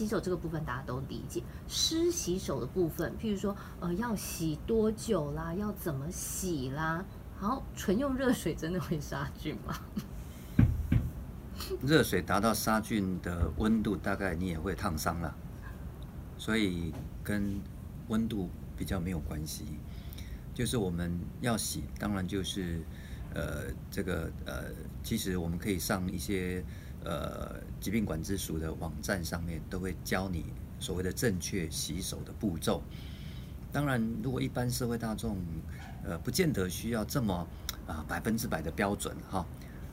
洗手這個部分大家都理解。濕洗手的部分，譬如說，呃，要洗多久啦，要怎麼洗啦。好，純用熱水真的會殺菌嗎？熱水達到殺菌的溫度，大概你也會燙傷啦，所以跟溫度比較沒有關係。就是我們要洗，當然就是，呃，這個呃，其實我們可以上一些。呃，疾病管制署的網站上面都會教你所謂的正確洗手的步驟。當然，如果一般社會大眾，呃，不見得需要這麼啊百分之百的標準哈。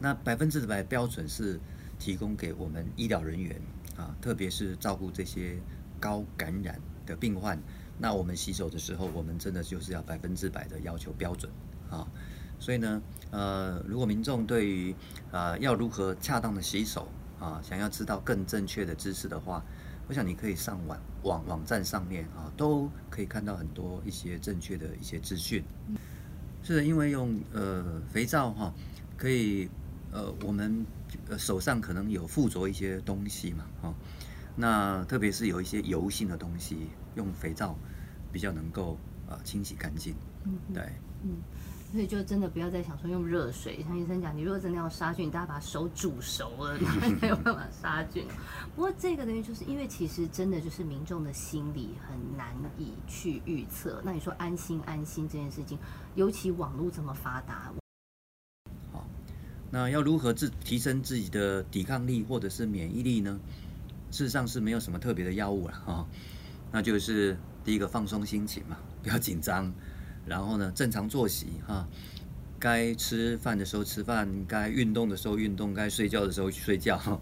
那百分之百的標準是提供給我們醫療人員啊，特別是照顧這些高感染的病患。那我們洗手的時候，我們真的就是要百分之百的要求標準。所以呢，呃，如果民眾對於呃要如何恰當的洗手啊，想要知道更正確的知識的話，我想你可以上網網網站上面啊，都可以看到很多一些正確的一些資訊。嗯，是的，因為用呃肥皂哈、啊，可以呃我們手上可能有附着一些東西嘛，哈、啊，那特別是有一些油性的東西，用肥皂比較能夠啊清洗乾淨。嗯，對，嗯。所以就真的不要再想說用熱水，像醫生講，你如果真的要殺菌，你大家把手煮熟了，那沒有辦法殺菌。 不過這個等於就是因為其實真的就是民眾的心理很難以去預測。那你說安心安心這件事情，尤其網絡這麼發達，好，那要如何自提升自己的抵抗力或者是免疫力呢？事實上是沒有什麼特別的藥物了哈。那就是第一個放鬆心情嘛，不要緊張。然後呢，正常作息哈、啊，該吃飯的時候吃飯，該運動的時候運動，該睡覺的時候去睡覺、啊。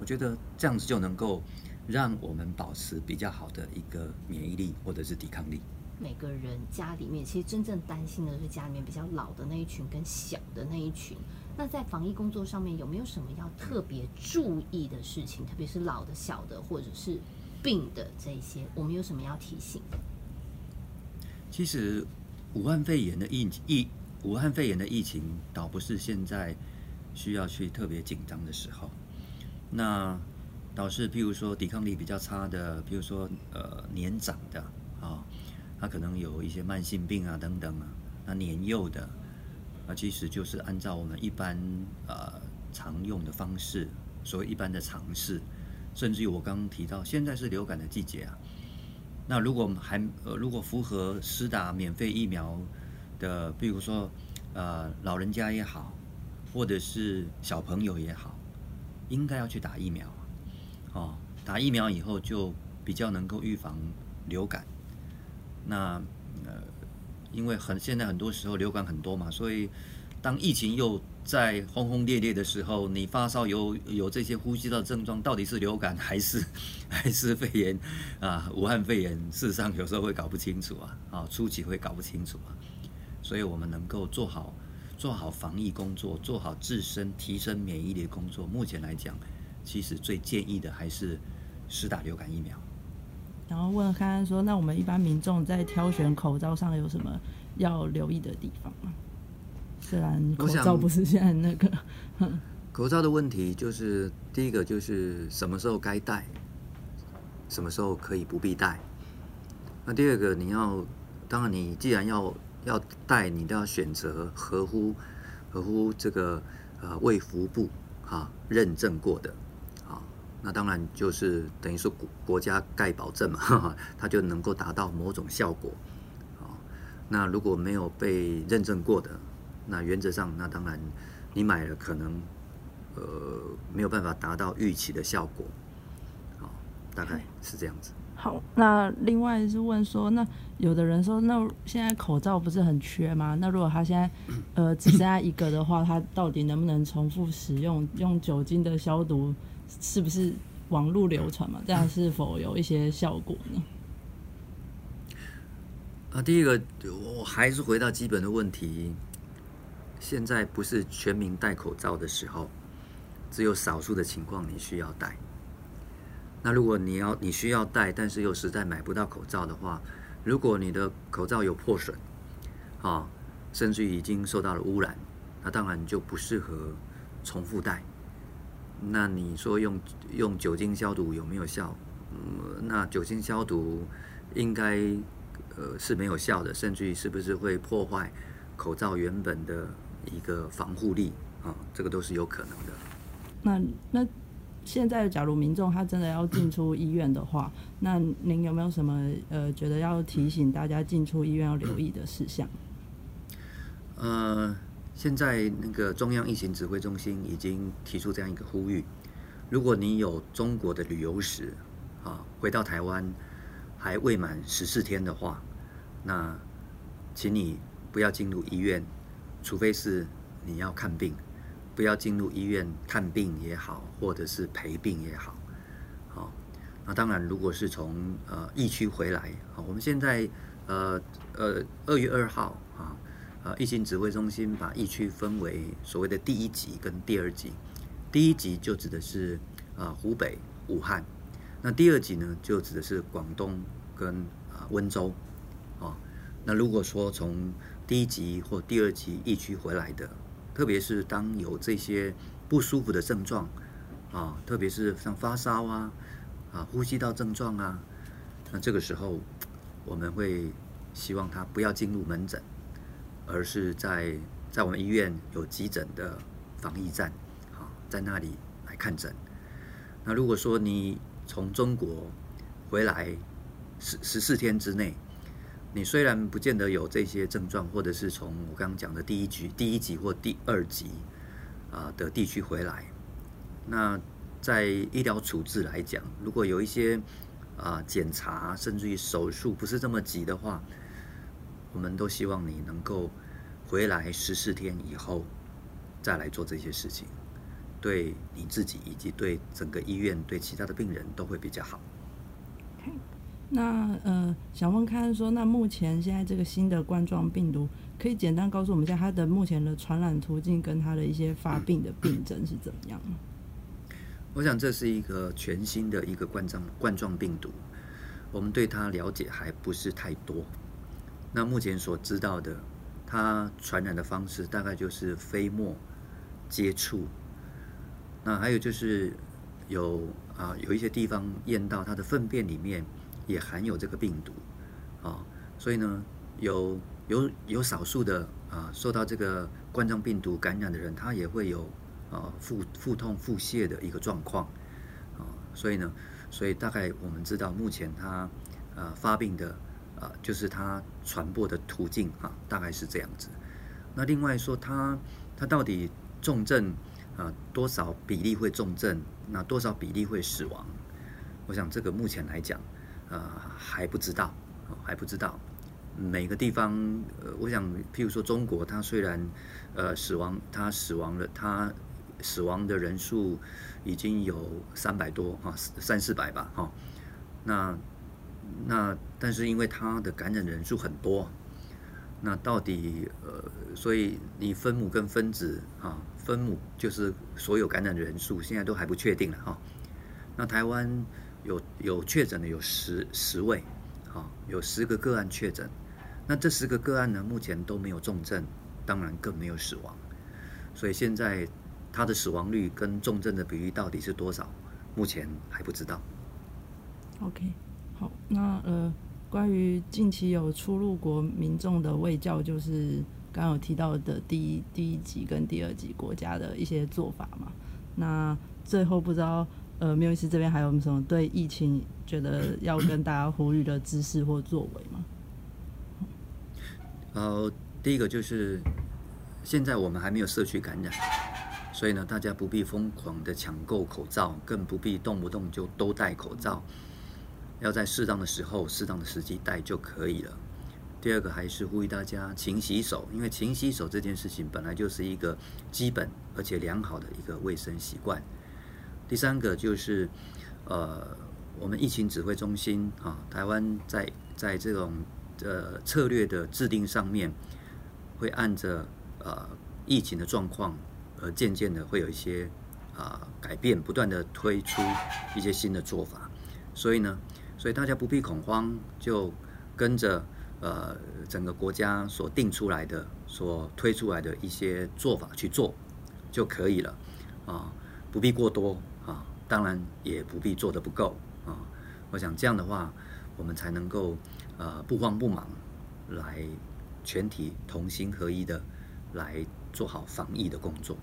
我覺得這樣子就能夠讓我們保持比較好的一個免疫力或者是抵抗力。每個人家裡面其實真正擔心的是家裡面比較老的那一群跟小的那一群。那在防疫工作上面有沒有什麼要特別注意的事情？特別是老的、小的或者是病的這一些，我們有什麼要提醒？其實。武漢肺炎的疫疫，武漢肺炎的疫情倒不是現在需要去特別緊張的時候，那倒是譬如說抵抗力比較差的，譬如說呃年長的啊、哦，他可能有一些慢性病啊等等啊，那年幼的啊，那其實就是按照我們一般呃常用的方式，所謂一般的嘗試，甚至於我剛剛提到，現在是流感的季節啊。那如果還，呃，如果符合施打免費疫苗的，比如說呃老人家也好，或者是小朋友也好，應該要去打疫苗，哦，打疫苗以後就比較能夠預防流感。那呃因為很現在很多時候流感很多嘛，所以當疫情又在轟轟烈烈的時候，你發燒有有這些呼吸道的症狀，到底是流感還是還是肺炎啊？武漢肺炎事實上有時候會搞不清楚啊，啊，初期會搞不清楚啊，所以我們能夠做好做好防疫工作，做好自身提升免疫力的工作。目前來講，其實最建議的還是打流感疫苗。然後問康康說，那我們一般民眾在挑選口罩上有什麼要留意的地方嗎？自然、啊、口罩不是現在那個。口罩的問題就是，第一個就是什麼時候該戴，什麼時候可以不必戴。那第二個，你要當然，你既然要要戴，你都要選擇合乎合乎這個呃衛福部哈、啊、認證過的啊。那當然就是等於說國國家掛保證嘛呵呵，它就能夠達到某種效果。啊，那如果沒有被認證過的。那原則上，那當然，你買了可能，呃，沒有辦法達到預期的效果，好、哦，大概是這樣子。好，那另外是問說，那有的人說，那現在口罩不是很缺嗎？那如果他現在呃只剩下一個的話，他到底能不能重複使用？ 用酒精的消毒是不是網路流傳嘛？這樣是否有一些效果呢？啊，第一個，我還是回到基本的問題。現在不是全民戴口罩的時候，只有少數的情況你需要戴。那如果你要你需要戴，但是又實在買不到口罩的話，如果你的口罩有破損，好，啊，甚至於已經受到了污染，那當然就不適合重複戴。那你說用用酒精消毒有沒有效？嗯，那酒精消毒應該呃是沒有效的，甚至於是不是會破壞口罩原本的？一個防護力啊，這個都是有可能的。那那現在，假如民眾他真的要進出醫院的話， 那您有沒有什麼呃，覺得要提醒大家進出醫院要留意的事項？呃，現在那個中央疫情指揮中心已經提出這樣一個呼籲：如果你有中國的旅遊史啊，回到台灣還未滿十四天的話，那請你不要進入醫院。除非是你要看病，不要進入醫院看病也好，或者是陪病，也好，好、哦。那當然，如果是從呃疫區回來，好、哦，我們現在呃呃二月二號啊，呃疫情指揮中心把疫區分為所謂的第一級跟第二級，第一級就指的是啊、呃、湖北武漢，那第二級呢就指的是廣東跟啊、呃、溫州，啊、哦。那如果說從第一級或第二級疫區回來的，特別是當有這些不舒服的症狀啊，特別是像發燒啊、啊呼吸道症狀啊，那這個時候我們會希望他不要進入門診，而是在在我們醫院有急診的防疫站啊，在那裡來看診。那如果說你從中國回來十十四天之內，你雖然不見得有這些症狀，或者是從我剛剛講的第一局、第一級或第二級啊、呃、的地區回來，那在醫療處置來講，如果有一些啊、呃、檢查甚至於手術不是這麼急的話，我們都希望你能夠回來十四天以後再來做這些事情，對你自己以及對整個醫院、對其他的病人都會比較好。Okay. 那呃，想問看說，那目前現在這個新的冠狀病毒，可以簡單告訴我們一下它的目前的傳染途徑，跟它的一些發病的病症是怎麼樣？我想這是一個全新的一個冠狀冠狀病毒，我們對它了解還不是太多。那目前所知道的，它傳染的方式大概就是飛沫接觸，那還有就是有啊，有一些地方驗到它的糞便裡面。也含有這個病毒，啊、哦，所以呢，有有有少數的啊、呃，受到這個冠狀病毒感染的人，他也會有啊、呃、腹腹痛、腹瀉的一個狀況，啊、哦，所以呢，所以大概我們知道目前他啊、呃，發病的啊、呃，就是他傳播的途徑啊、呃，大概是這樣子。那另外說他，他他到底重症啊、呃、多少比例會重症？那多少比例會死亡？我想這個目前來講。啊、呃，還不知道、哦，還不知道，每個地方，呃，我想，譬如說中國，它雖然，呃，死亡，它死亡了，它死亡的人數已經有三百多啊、哦，三四百吧，哈、哦，那那，但是因為它的感染人數很多，那到底，呃，所以你分母跟分子啊、哦，分母就是所有感染的人數，現在都還不確定了，哈、哦，那台灣。有有確診的有十十位。啊、哦。有十個個案確診，那這十個個案呢，目前都沒有重症，當然更沒有死亡，所以現在它的死亡率跟重症的比例到底是多少，目前還不知道。OK，好，那呃，關於近期有出入國民眾的衛教，就是剛剛有提到的第一第一級跟第二級國家的一些做法嘛，那最後不知道。呃，繆醫師這邊還有沒有什麼對疫情覺得要跟大家呼籲的知識或作為嗎？呃，第一個就是現在我們還沒有社區感染，所以呢，大家不必瘋狂的搶購口罩，更不必動不動就都戴口罩，要在適當的時候、適當的時機戴就可以了。第二個還是呼籲大家勤洗手，因為勤洗手這件事情本來就是一個基本而且良好的一個衛生習慣。第三個就是，呃，我們疫情指揮中心啊，台灣在在這種呃策略的制定上面，會按着呃疫情的狀況而漸漸的會有一些啊、呃、改變，不斷的推出一些新的做法。所以呢，所以大家不必恐慌，就跟着呃整個國家所定出來的、所推出來的一些做法去做就可以了啊，不必過多。當然也不必做得不夠啊、哦！我想這樣的話，我們才能夠呃不慌不忙來全體同心合一的來做好防疫的工作。